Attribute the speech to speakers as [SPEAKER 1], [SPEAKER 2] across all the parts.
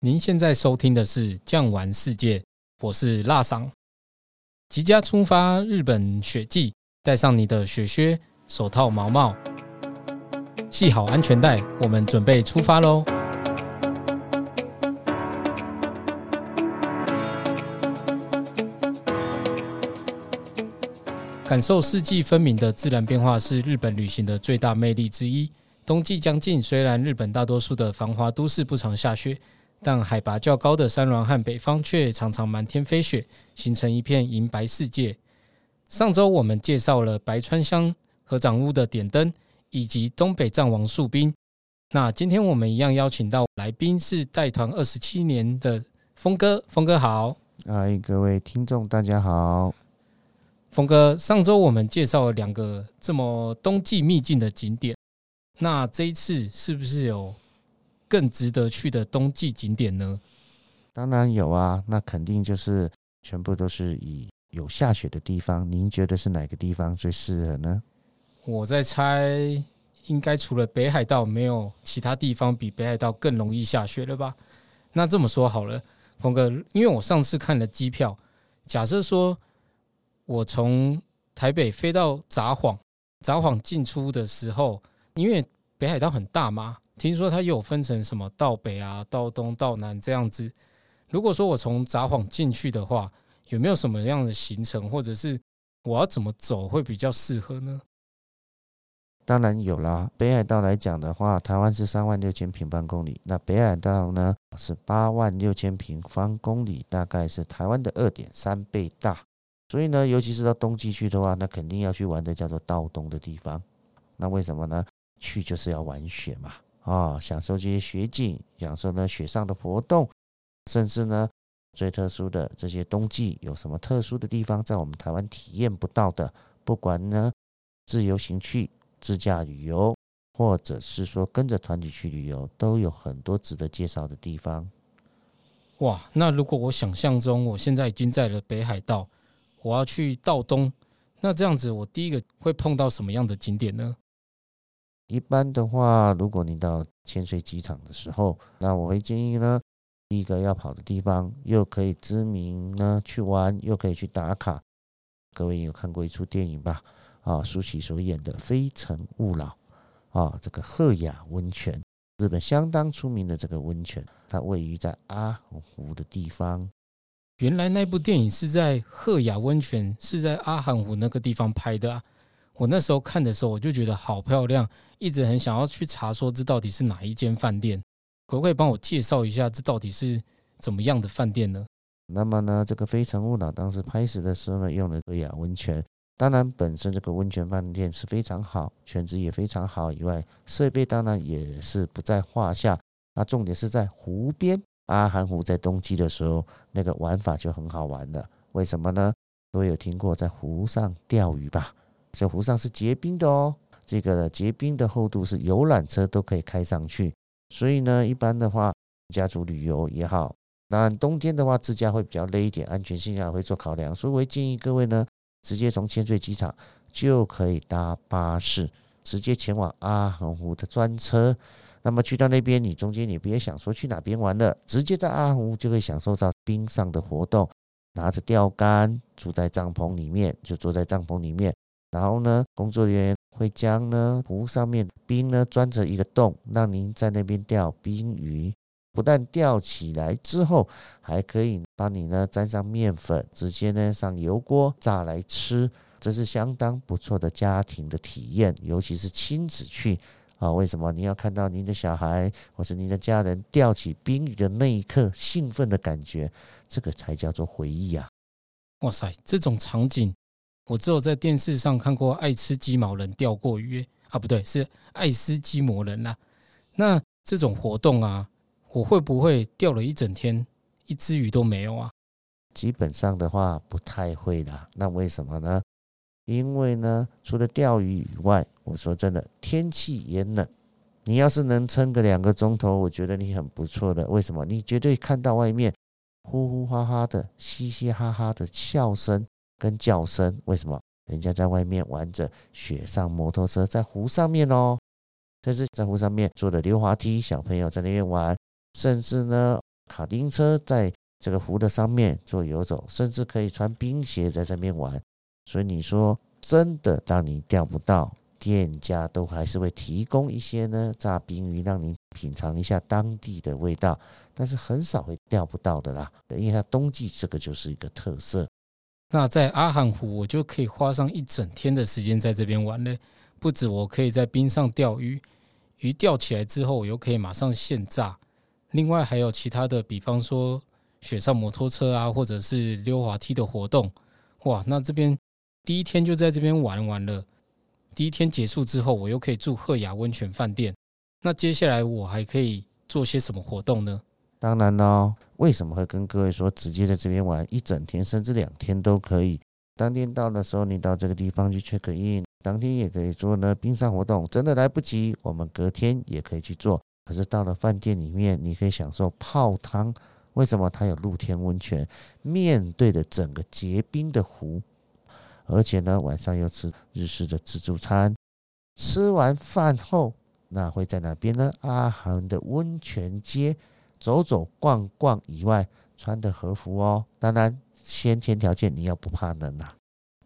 [SPEAKER 1] 您現在收聽的是《匠玩世界》，我是辣桑。即將出發日本雪季，帶上你的雪靴、手套、毛帽，繫好安全帶，我們準備出發嘍！感受四季分明的自然變化是日本旅行的最大魅力之一。冬季將近，雖然日本大多數的繁華都市不常下雪。但海拔較高的山巒和北方卻常常漫天飛雪，形成一片銀白世界。上周我們介紹了白川鄉合掌屋的點燈，以及東北藏王樹冰。那今天我們一樣邀請到來賓是帶團二十七年的峰哥。峰哥好，
[SPEAKER 2] 各位聽眾大家好。
[SPEAKER 1] 峰哥，上周我們介紹了兩個這麼冬季秘境的景點，那這一次是不是有？更值得去的冬季景點呢？
[SPEAKER 2] 當然有啊，那肯定就是全部都是以有下雪的地方。您覺得是哪個地方最適合呢？
[SPEAKER 1] 我在猜，應該除了北海道，沒有其他地方比北海道更容易下雪了吧？那這麼說好了，峰哥，因為我上次看了機票，假設說我從台北飛到札幌，札幌進出的時候，因為北海道很大嗎？聽說它有分成什麼道北啊、道東、道南這樣子。如果說我從札幌進去的話，有沒有什麼樣的行程，或者是我要怎麼走會比較適合呢？
[SPEAKER 2] 當然有啦。北海道來講的話，台灣是三萬六千平方公里，那北海道呢是八萬六千平方公里，大概是台灣的二點三倍大。所以呢，尤其是到冬季去的話，那肯定要去玩的叫做道東的地方。那為什麼呢？去就是要玩雪嘛，啊、哦，享受這些雪景，享受呢雪上的活動，甚至呢最特殊的這些冬季有什麼特殊的地方，在我們台灣體驗不到的，不管呢自由行去、自駕旅遊，或者是說跟着團體去旅遊，都有很多值得介紹的地方。
[SPEAKER 1] 哇，那如果我想象中我現在已經在了北海道，我要去道東，那這樣子我第一個會碰到什麼樣的景點呢？
[SPEAKER 2] 一般的話，如果你到千歲機場的時候，那我會建議呢，第一個要跑的地方，又可以知名呢去玩，又可以去打卡。各位有看過一出電影吧？啊，舒淇所演的《非誠勿擾》啊，這個鶴雅溫泉，日本相當出名的這個溫泉，它位於在阿寒湖的地方。原來那部電影是在
[SPEAKER 1] 鶴雅溫泉，是在阿寒湖那個地方拍的啊。我那時候看的時候，我就覺得好漂亮，一直很想要去查說這到底是哪一間飯店。可不可以幫我介紹一下這到底是怎麼樣的飯店呢？
[SPEAKER 2] 那麼呢，這個《非誠勿擾》當時拍攝的時候呢，用了對亞溫泉。當然，本身這個溫泉飯店是非常好，泉質也非常好，以外設備當然也是不在話下。那重點是在湖邊，阿寒湖在冬季的時候那個玩法就很好玩了。為什麼呢？各位有聽過在湖上釣魚吧。這湖上是結冰的哦，這個結冰的厚度是遊覽車都可以開上去，所以呢，一般的話，家族旅遊也好，那冬天的話，自駕會比較累一點，安全性啊會做考量，所以我建議各位呢，直接從千歲機場就可以搭巴士，直接前往阿寒湖的專車。那麼去到那邊，你中間你別想說去哪邊玩了，直接在阿寒湖就可以享受到冰上的活動，拿着釣竿，住在帳篷裡面，就坐在帳篷裡面。然後呢，工作人員會將呢湖上面冰呢鑽着一個洞，讓您在那邊釣冰魚。不但釣起來之後，還可以幫你呢沾上面粉，直接呢上油鍋炸來吃。這是相當不錯的家庭的體驗，尤其是親子去啊。為什麼？您要看到您的小孩或是您的家人釣起冰魚的那一刻興奮的感覺，這個才叫做回憶啊！
[SPEAKER 1] 哇塞，這種場景。我只有在電視上看過愛吃雞毛人釣過魚啊，不對，是愛斯基摩人啦、啊。那這種活動啊，我會不會釣了一整天，一只魚都沒有啊？
[SPEAKER 2] 基本上的話，不太會啦。那為什麼呢？因為呢，除了釣魚以外，我說真的，天氣也冷。你要是能撐個兩個鐘頭，我覺得你很不錯的。為什麼？你絕對看到外面呼呼哈哈的、嘻嘻哈哈的笑聲。跟叫聲，為什麼人家在外面玩着雪上摩托車在湖上面哦？但是在湖上面坐的溜滑梯，小朋友在那邊玩，甚至呢卡丁車在這個湖的上面做遊走，甚至可以穿冰鞋在這邊玩。所以你說真的，當你釣不到，店家都還是會提供一些呢炸冰魚，讓你品嘗一下當地的味道，但是很少會釣不到的啦，因為它冬季這個就是一個特色。
[SPEAKER 1] 那在阿寒湖，我就可以花上一整天的時間在這邊玩嘞，不止我可以在冰上釣魚，魚釣起來之後，我又可以馬上現炸。另外還有其他的，比方說雪上摩托車啊，或者是溜滑梯的活動。哇，那這邊第一天就在這邊玩完了。第一天結束之後，我又可以住鶴雅溫泉飯店。那接下來我還可以做些什麼活動呢？
[SPEAKER 2] 當然咯哦，為什麼會跟各位說，直接在這邊玩一整天甚至兩天都可以？當天到的時候，你到這個地方去 check in，當天也可以做呢。冰上活動真的來不及，我們隔天也可以去做。可是到了飯店裡面，你可以享受泡湯。為什麼它有露天溫泉？面對著整個結冰的湖，而且呢，晚上又吃日式的自助餐。吃完飯後，那會在哪邊呢？阿寒的溫泉街。走走逛逛以外，穿的和服哦。當然，先天條件你要不怕冷啊，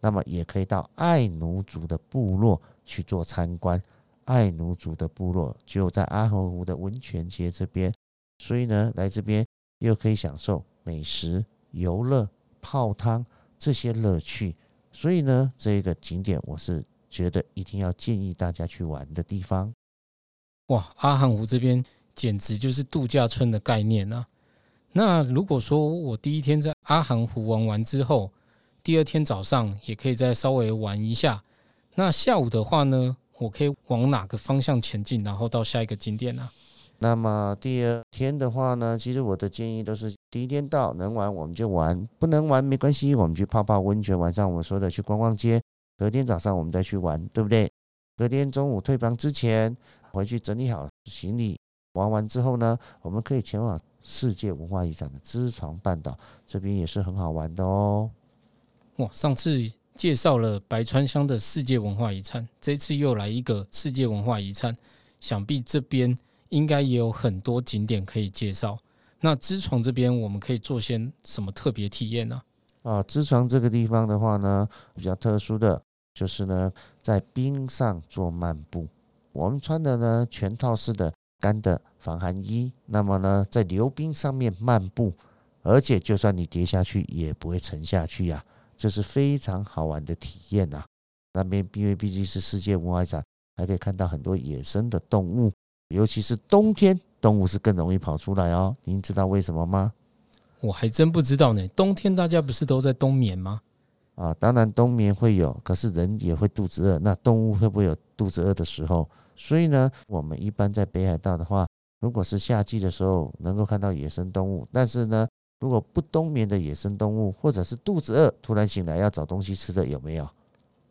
[SPEAKER 2] 那麼也可以到愛奴族的部落去做參觀。愛奴族的部落就在阿寒湖的溫泉街這邊，所以呢，來這邊又可以享受美食、遊樂、泡湯這些樂趣。所以呢，這個景點我是覺得一定要建議大家去玩的地方。
[SPEAKER 1] 哇，阿寒湖這邊。簡直就是度假村的概念。啊、那如果說我第一天在阿寒湖玩完之後，第二天早上也可以再稍微玩一下。那下午的話呢，我可以往哪個方向前進，然後到下一個景點呢？啊。
[SPEAKER 2] 那麼第二天的話呢，其實我的建議都是第一天到能玩我們就玩，不能玩沒關係，我們去泡泡溫泉。晚上我說的去逛逛街，隔天早上我們再去玩，對不對？隔天中午退房之前回去整理好行李。玩完之後呢，我們可以前往世界文化遺產的知床半島，這邊也是很好玩的哦。
[SPEAKER 1] 哇，上次介紹了白川鄉的世界文化遺產，這次又來一個世界文化遺產，想必這邊應該也有很多景點可以介紹。那知床這邊我們可以做些什麼特別體驗呢？
[SPEAKER 2] 啊，知床這個地方的話呢，比較特殊的就是呢，在冰上做漫步。我們穿的呢，全套式的。乾的防寒衣，那麼呢，在流冰上面漫步，而且就算你跌下去也不會沉下去呀，啊，這是非常好玩的體驗啊。那邊因為畢竟是世界文化遺產，還可以看到很多野生的動物，尤其是冬天，動物是更容易跑出來哦。您知道為什麼嗎？
[SPEAKER 1] 我還真不知道呢。冬天大家不是都在冬眠嗎？
[SPEAKER 2] 啊，當然冬眠會有，可是人也會肚子餓，那動物會不會有肚子餓的時候？所以呢，我們一般在北海道的話，如果是夏季的時候能夠看到野生動物，但是呢，如果不冬眠的野生動物，或者是肚子餓突然醒來要找東西吃的，有沒有？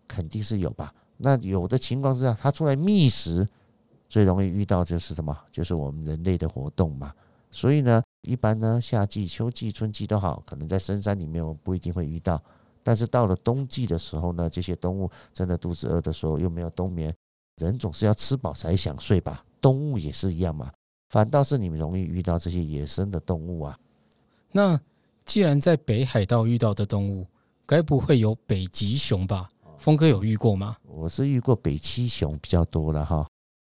[SPEAKER 2] 肯定是有吧。那有的情況之下，它出來覓食最容易遇到就是什麼？就是我們人類的活動嘛。所以呢，一般呢，夏季、秋季、春季都好，可能在深山裡面我們不一定會遇到，但是到了冬季的時候呢，這些動物真的肚子餓的時候又沒有冬眠。人總是要吃飽才想睡吧，動物也是一樣嘛。反倒是你們容易遇到這些野生的動物啊。
[SPEAKER 1] 那既然在北海道遇到的動物，該不會有北極熊吧？峰哥有遇過嗎？
[SPEAKER 2] 我是遇過北七熊比較多了哈。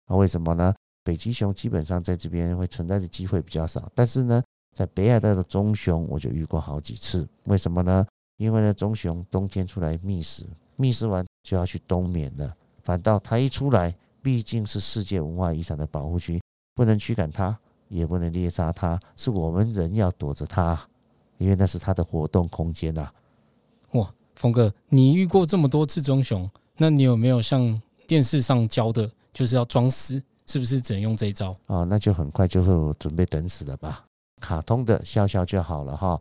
[SPEAKER 2] 那為什麼呢？北極熊基本上在這邊會存在的機會比較少，但是呢，在北海道的棕熊我就遇過好幾次。為什麼呢？因為呢，棕熊冬天出來覓食，覓食完就要去冬眠了。反倒他一出來，畢竟是世界文化遺產的保護區，不能驅趕他，也不能獵殺他，是我們人要躲着他，因為那是他的活動空間吶、啊。
[SPEAKER 1] 哇，峰哥，你遇過這麼多次棕熊，那你有沒有像電視上教的，就是要裝死？是不是只能用這一招？
[SPEAKER 2] 哦，那就很快就會準備等死了吧？卡通的笑笑就好了哈，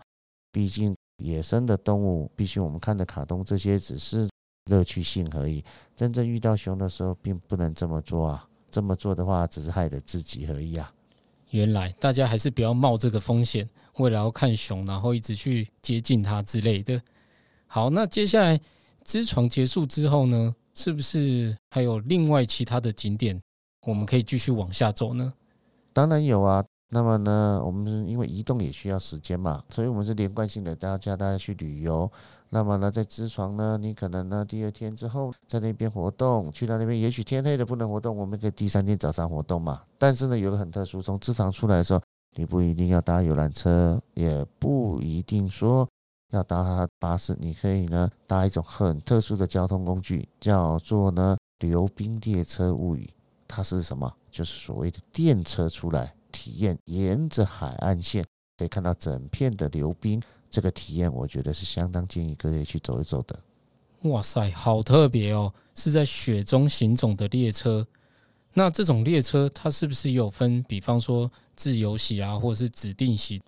[SPEAKER 2] 畢竟野生的動物，畢竟我們看的卡通這些只是。樂趣性而已，真正遇到熊的時候，並不能這麼做啊！這麼做的話，只是害了自己而已啊！
[SPEAKER 1] 原來大家還是不要冒這個風險，為了要看熊，然後一直去接近它之類的。好，那接下來知床結束之後呢？是不是還有另外其他的景點，我們可以繼續往下走呢？
[SPEAKER 2] 當然有啊！那麼呢，我們因為移動也需要時間嘛，所以我們是連貫性的大家，要叫大家去旅遊。那麼呢，在知床呢，你可能呢第二天之後在那邊活動，去到那邊也許天黑了不能活動，我們可以第三天早上活動嘛。但是呢，有個很特殊，從知床出來的時候，你不一定要搭遊覽車，也不一定說要搭他巴士，你可以呢搭一種很特殊的交通工具，叫做呢流冰列車物語。它是什麼？就是所謂的電車出來。體驗沿着海岸線可以看到整片的流冰，這個體驗我覺得是相當建議各位去走一走的。
[SPEAKER 1] 哇塞，好特別哦！是在雪中行走的列車。那這種列車它是不是有分？比方說自由席啊，或者是指
[SPEAKER 2] 定席？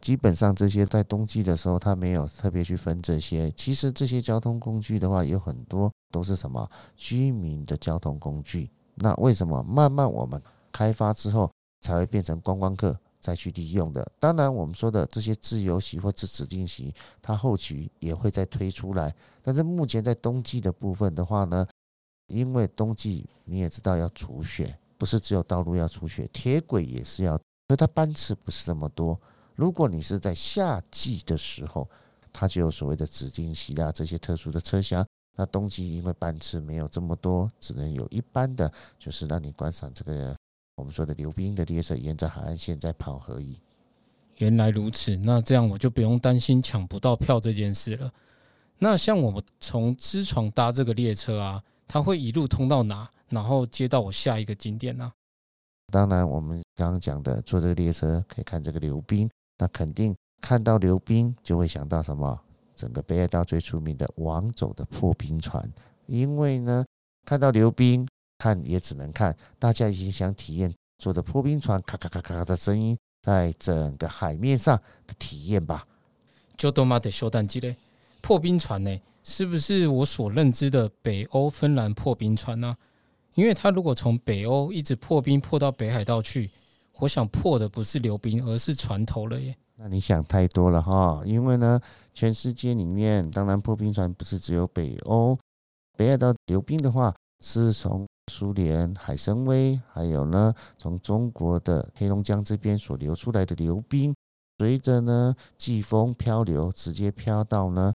[SPEAKER 2] 基本上這些在冬季的時候，它沒有特別去分這些。其實這些交通工具的話，有很多都是什麼居民的交通工具。那為什麼慢慢我們開發之後，才會變成觀光客再去利用的。當然，我們說的這些自由席或是指定席，它後期也會再推出來。但是目前在冬季的部分的話呢，因為冬季你也知道要除雪，不是只有道路要除雪，鐵軌也是要。所以它班次不是這麼多。如果你是在夏季的時候，它就有所謂的指定席啦、啊，這些特殊的車廂。那冬季因為班次沒有這麼多，只能有一般的，就是讓你觀賞這個。我們說的流冰的列車沿着海岸線在跑而已。
[SPEAKER 1] 原來如此，那這樣我就不用擔心搶不到票這件事了。那像我們從知床搭這個列車啊，它會一路通到哪，然後接到我下一個景點呢、啊？
[SPEAKER 2] 當然，我們剛剛講的坐這個列車，可以看這個流冰，那肯定看到流冰就會想到什麼？整個北海道最出名的網走的破冰船，因為呢，看到流冰。看也只能看，大家已經想體驗坐的破冰船咔咔咔咔咔的聲音，在整個海面上的體驗吧。
[SPEAKER 1] 就他媽的修蛋機嘞！破冰船呢，是不是我所認知的北歐芬蘭破冰船呢？啊？因為它如果從北歐一直破冰破到北海道去，我想破的不是流冰，而是船頭了耶。
[SPEAKER 2] 那你想太多了哈，因為呢，全世界裡面當然破冰船不是只有北歐，北海道流冰的話。是從蘇聯海參崴，還有呢，從中國的黑龍江這邊所流出來的流冰，隨着呢季風漂流，直接漂到呢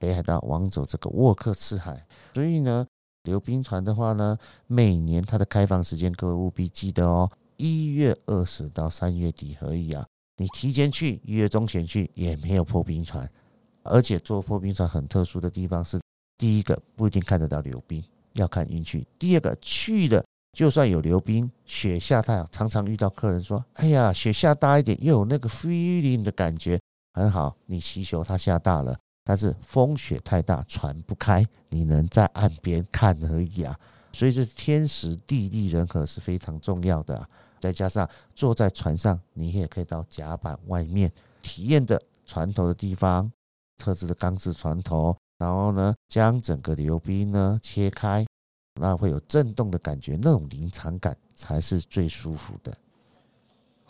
[SPEAKER 2] 北海道網走這個鄂霍次克海。所以呢，流冰船的話呢，每年它的開放時間各位務必記得哦，一月二十到三月底而已啊。你提前去一月中旬去也沒有破冰船，而且坐破冰船很特殊的地方是，第一個不一定看得到流冰。要看運氣。第二個去的，就算有流冰，雪下太陽，常常遇到客人說：“哎呀，雪下大一點，又有那個 feeling 的感覺，很好。”你祈求它下大了，但是風雪太大，船不開，你能在岸邊看而已啊。所以，這天時地利人和是非常重要的。再加上坐在船上，你也可以到甲板外面，體驗的船頭的地方，特制的鋼制船頭。然後呢，將整個流冰呢切開，那會有震動的感覺，那種臨場感才是最舒服的。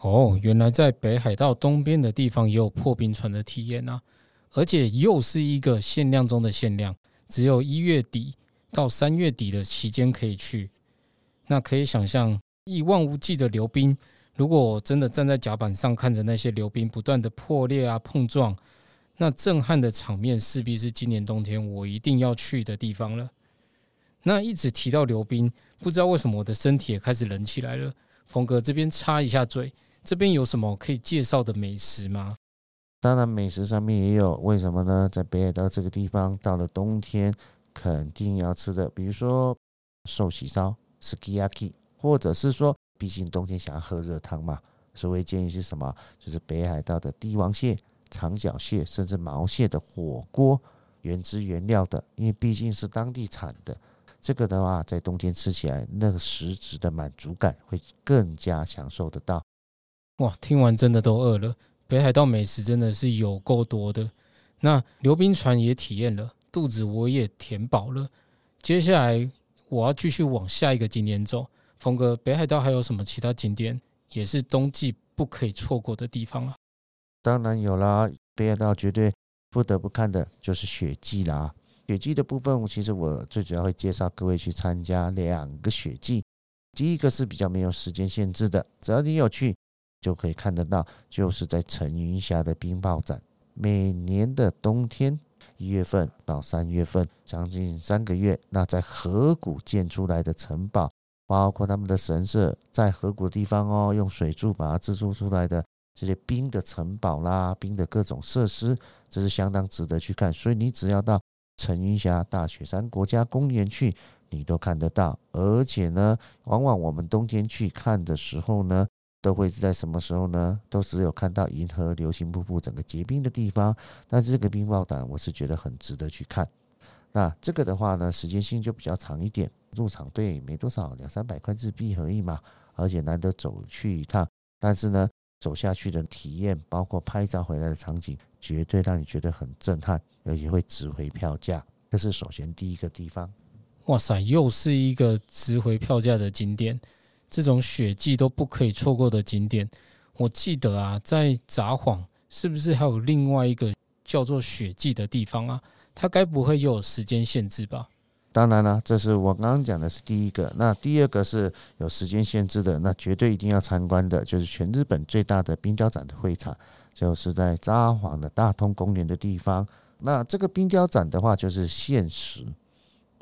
[SPEAKER 1] 哦，原來在北海道東邊的地方也有破冰船的體驗啊，而且又是一個限量中的限量，只有一月底到三月底的期間可以去。那可以想象一望無際的流冰，如果真的站在甲板上看着那些流冰不斷的破裂啊、碰撞。那震撼的場面勢必是今年冬天我一定要去的地方了。那一直提到流冰，不知道為什麼我的身體也開始冷起來了。峰哥這邊插一下嘴，這邊有什麼可以介紹的美食嗎？
[SPEAKER 2] 當然，美食上面也有。為什麼呢？在北海道這個地方，到了冬天肯定要吃的，比如說壽喜燒 sukiyaki 或者是說，畢竟冬天想要喝熱湯嘛。所以會建議是什麼？就是北海道的帝王蟹。長腳蟹甚至毛蟹的火鍋，原汁原料的，因為畢竟是當地產的，這個的話在冬天吃起來，那個食指的滿足感會更加享受得到。
[SPEAKER 1] 哇，聽完真的都餓了。北海道美食真的是有夠多的。那流冰船也體驗了，肚子我也填飽了。接下來我要繼續往下一個景點走。峰哥，北海道還有什麼其他景點也是冬季不可以錯過的地方啊？
[SPEAKER 2] 當然有啦，北海道絕對不得不看的就是雪祭啦。雪祭的部分，其實我最主要會介紹各位去參加兩個雪祭。第一個是比較沒有時間限制的，只要你有去就可以看得到，就是在層雲峽的冰瀑展。每年的冬天，一月份到三月份，將近三個月，那在河谷建出來的城堡，包括他們的神社，在河谷的地方哦，用水柱把它制作出來的。這些冰的城堡啦，冰的各種設施，這是相當值得去看。所以你只要到層雲峽大雪山國家公園去，你都看得到。而且呢，往往我們冬天去看的時候呢，都會在什麼時候呢？都只有看到銀河、流星瀑布整個結冰的地方。但是這個冰瀑祭，我是覺得很值得去看。那這個的話呢，時間性就比較長一點，入場費沒多少，兩三百塊日幣而已嘛。而且難得走去一趟，但是呢。走下去的體驗，包括拍照回來的場景，絕對讓你覺得很震撼，而且會值回票價。這是首先第一個地方。
[SPEAKER 1] 哇塞，又是一個值回票價的景點，這種雪祭都不可以錯過的景點。我記得啊，在札幌是不是還有另外一個叫做雪祭的地方啊？它該不會又有時間限制吧？
[SPEAKER 2] 當然了，這是我剛剛講的是第一個。那第二個是有時間限制的，那絕對一定要參觀的，就是全日本最大的冰雕展的會場，就是在札幌的大通公園的地方。那這個冰雕展的話，就是限時，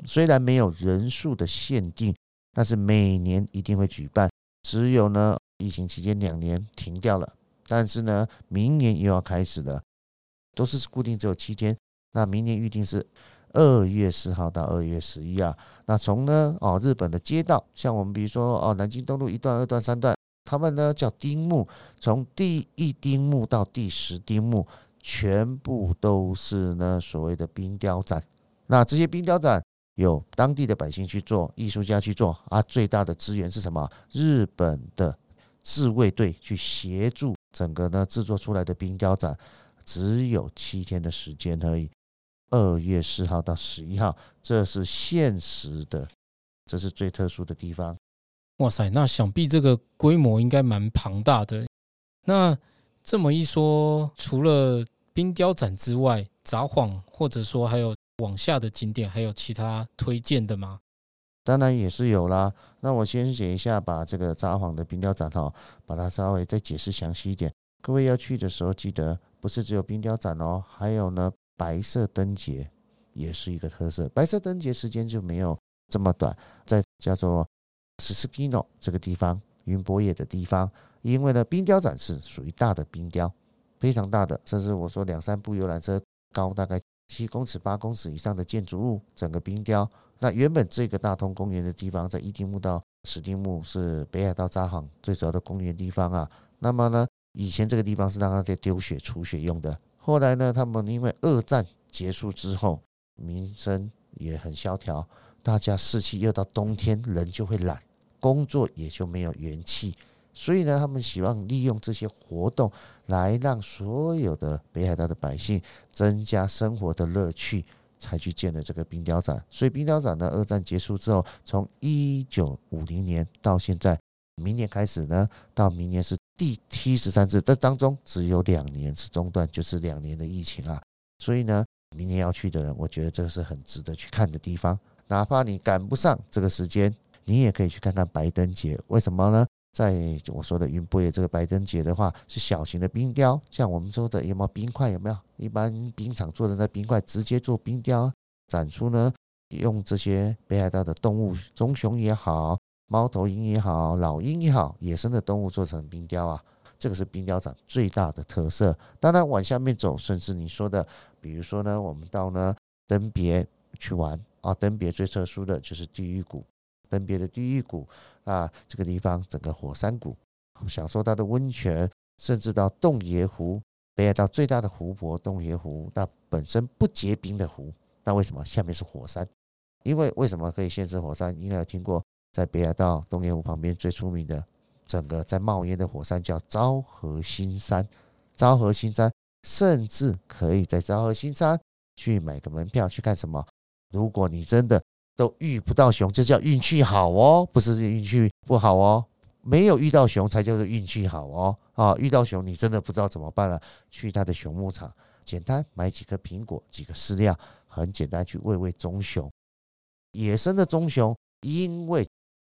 [SPEAKER 2] 雖然沒有人數的限定，但是每年一定會舉辦。只有呢，疫情期間兩年停掉了，但是呢，明年又要開始了，都是固定只有七天。那明年預定是。二月四號到二月十一啊，那從呢哦日本的街道，像我們比如說哦南京東路一段、二段、三段，他們呢叫丁目，從第一丁目到第十丁目。全部都是呢所謂的冰雕展。那這些冰雕展有當地的百姓去做，藝術家去做啊，最大的資源是什麼？日本的自衛隊去協助整個呢制作出來的冰雕展，只有七天的時間而已。二月四號到十一號，這是限時的，這是最特殊的地方。
[SPEAKER 1] 哇塞，那想必這個規模應該蠻龐大的。那這麼一說，除了冰雕展之外，札幌或者說還有往下的景點，還有其他推薦的嗎？
[SPEAKER 2] 當然也是有啦。那我先寫一下，把這個札幌的冰雕展哈、哦，把它稍微再解釋詳細一點。各位要去的時候，記得不是只有冰雕展哦，還有呢。白色燈節也是一個特色，白色燈節時間就沒有這麼短，在叫做史斯基諾這個地方，雲薄野的地方，因為呢，冰雕展示屬於大的冰雕，非常大的，甚至我說兩三部遊覽車高，大概七公尺、八公尺以上的建築物，整個冰雕。那原本這個大通公園的地方，在一丁目到十丁目是北海道札幌最主要的公園地方啊。那麼呢，以前這個地方是讓它在丟雪、除雪用的。後來呢，他們因為二戰結束之後，民生也很蕭條，大家士氣又到冬天，人就會懶，工作也就沒有元氣，所以呢，他們希望利用這些活動來讓所有的北海道的百姓增加生活的樂趣，才去建了這個冰雕展。所以冰雕展呢，二戰結束之後，從一九五零年到現在，明年開始呢，到明年是。第七十三次，這當中只有兩年是中斷，就是兩年的疫情啊。所以呢，明年要去的人，我覺得這個是很值得去看的地方。哪怕你趕不上這個時間，你也可以去看看白燈節。為什麼呢？在我說的雲博野這個白燈節的話，是小型的冰雕。像我們說的有沒有冰塊？有沒有？一般冰場做的那冰塊，直接做冰雕展出呢？用這些北海道的動物，棕熊也好。貓頭鷹也好，老鷹也好，野生的動物做成冰雕啊，這個是冰雕展最大的特色。當然，往下面走，甚至你說的，比如說呢，我們到呢登別去玩啊，登別最特殊的就是地獄谷，登別的地獄谷啊，這個地方整個火山谷，享受它的溫泉，甚至到洞爺湖，北海道最大的湖泊，洞爺湖，那本身不結冰的湖，那為什麼下面是火山？因為為什麼可以限制火山？應該有聽過。在北海道洞爺湖旁邊最出名的，整個在冒煙的火山叫昭和新山。昭和新山，甚至可以在昭和新山去買個門票去看什麼。如果你真的都遇不到熊，就叫運氣好哦、喔，不是運氣不好哦、喔。沒有遇到熊才叫做運氣好哦。啊，遇到熊，你真的不知道怎麼辦了、啊。去他的熊牧場，簡單買幾顆蘋果、幾個飼料，很簡單去餵餵棕熊。野生的棕熊，因為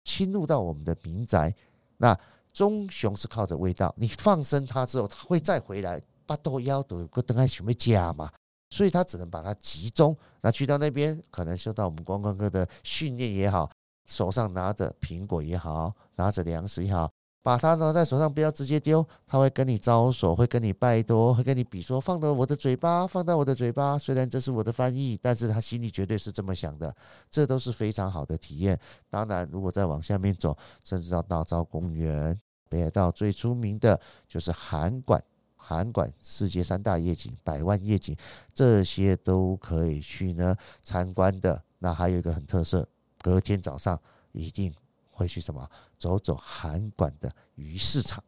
[SPEAKER 2] 侵入到我們的民宅，那棕熊是靠着味道。你放生它之後，它會再回來。八多幺多，個燈，還前面家嘛，所以它只能把它集中。那去到那邊，可能受到我們觀光客的訓練也好，手上拿着蘋果也好，拿着糧食也好。把它拿在手上，不要直接丟。他會跟你招手，會跟你拜託，會跟你比說，放到我的嘴巴，放到我的嘴巴。雖然這是我的翻譯，但是他心裡絕對是這麼想的。這都是非常好的體驗。當然，如果再往下面走，甚至到大沼公園，北海道最出名的就是函館，函館世界三大夜景，百萬夜景，這些都可以去呢參觀的。那還有一個很特色，隔天早上一定。回去什麼？走走函館的魚市場，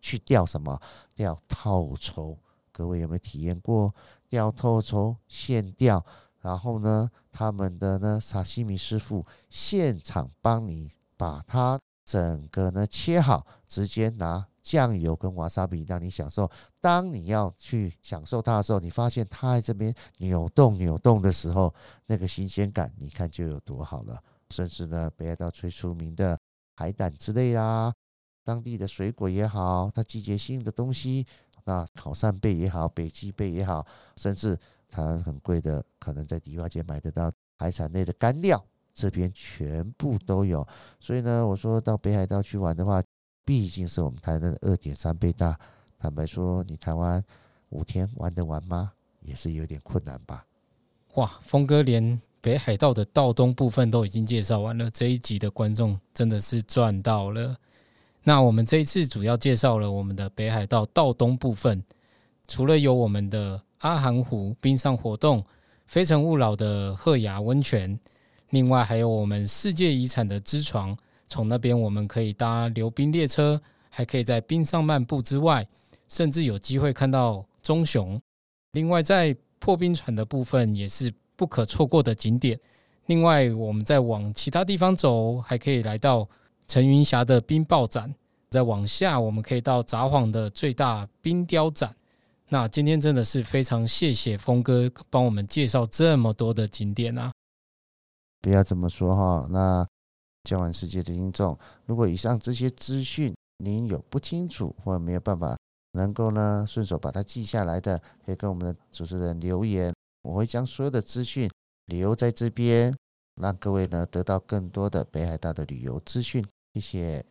[SPEAKER 2] 去釣什麼？釣透抽。各位有沒有體驗過釣透抽現釣？然後呢，他們的呢沙西米師傅現場幫你把它整個呢切好，直接拿醬油跟瓦薩比讓你享受。當你要去享受它的時候，你發現它在這邊扭動扭動的時候，那個新鮮感，你看就有多好了。甚至呢，北海道最出名的海膽之類啊，當地的水果也好，它季節性的東西，那烤扇貝也好，北極貝也好，甚至台灣很貴的，可能在迪化街買得到海產類的乾料，這邊全部都有。所以呢，我說到北海道去玩的話，畢竟是我們台灣的二點三倍大，坦白說，你台灣五天玩得完嗎？也是有點困難吧。
[SPEAKER 1] 哇，峰哥連。北海道的道東部分都已經介紹完了，這一集的觀眾真的是賺到了。那我們這一次主要介紹了我們的北海道道東部分，除了有我們的阿寒湖冰上活動、非誠勿擾的鶴雅溫泉，另外還有我們世界遺產的知床，從那邊我們可以搭流冰列車，還可以在冰上漫步之外，甚至有機會看到棕熊。另外，在破冰船的部分也是不可錯過的景點。另外，我們再往其他地方走，還可以來到層雲峽的冰瀑展。再往下，我們可以到札幌的最大冰雕展。那今天真的是非常謝謝峰哥幫我們介紹這麼多的景點
[SPEAKER 2] 啊！不要這麼說哈。那交往世界的聽眾，如果以上這些資訊您有不清楚或者沒有辦法能夠呢順手把它記下來的，可以跟我們的主持人留言。我會將所有的資訊留在這邊，讓各位呢得到更多的北海道的旅遊資訊。謝謝，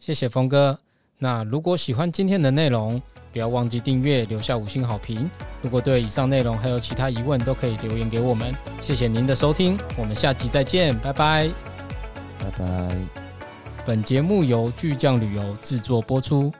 [SPEAKER 1] 謝謝峰哥。那如果喜歡今天的內容，不要忘記訂閱，留下五星好評。如果對以上內容還有其他疑問，都可以留言給我們。謝謝您的收聽，我們下集再見，拜拜，拜拜。本節目由巨匠旅遊製作播出。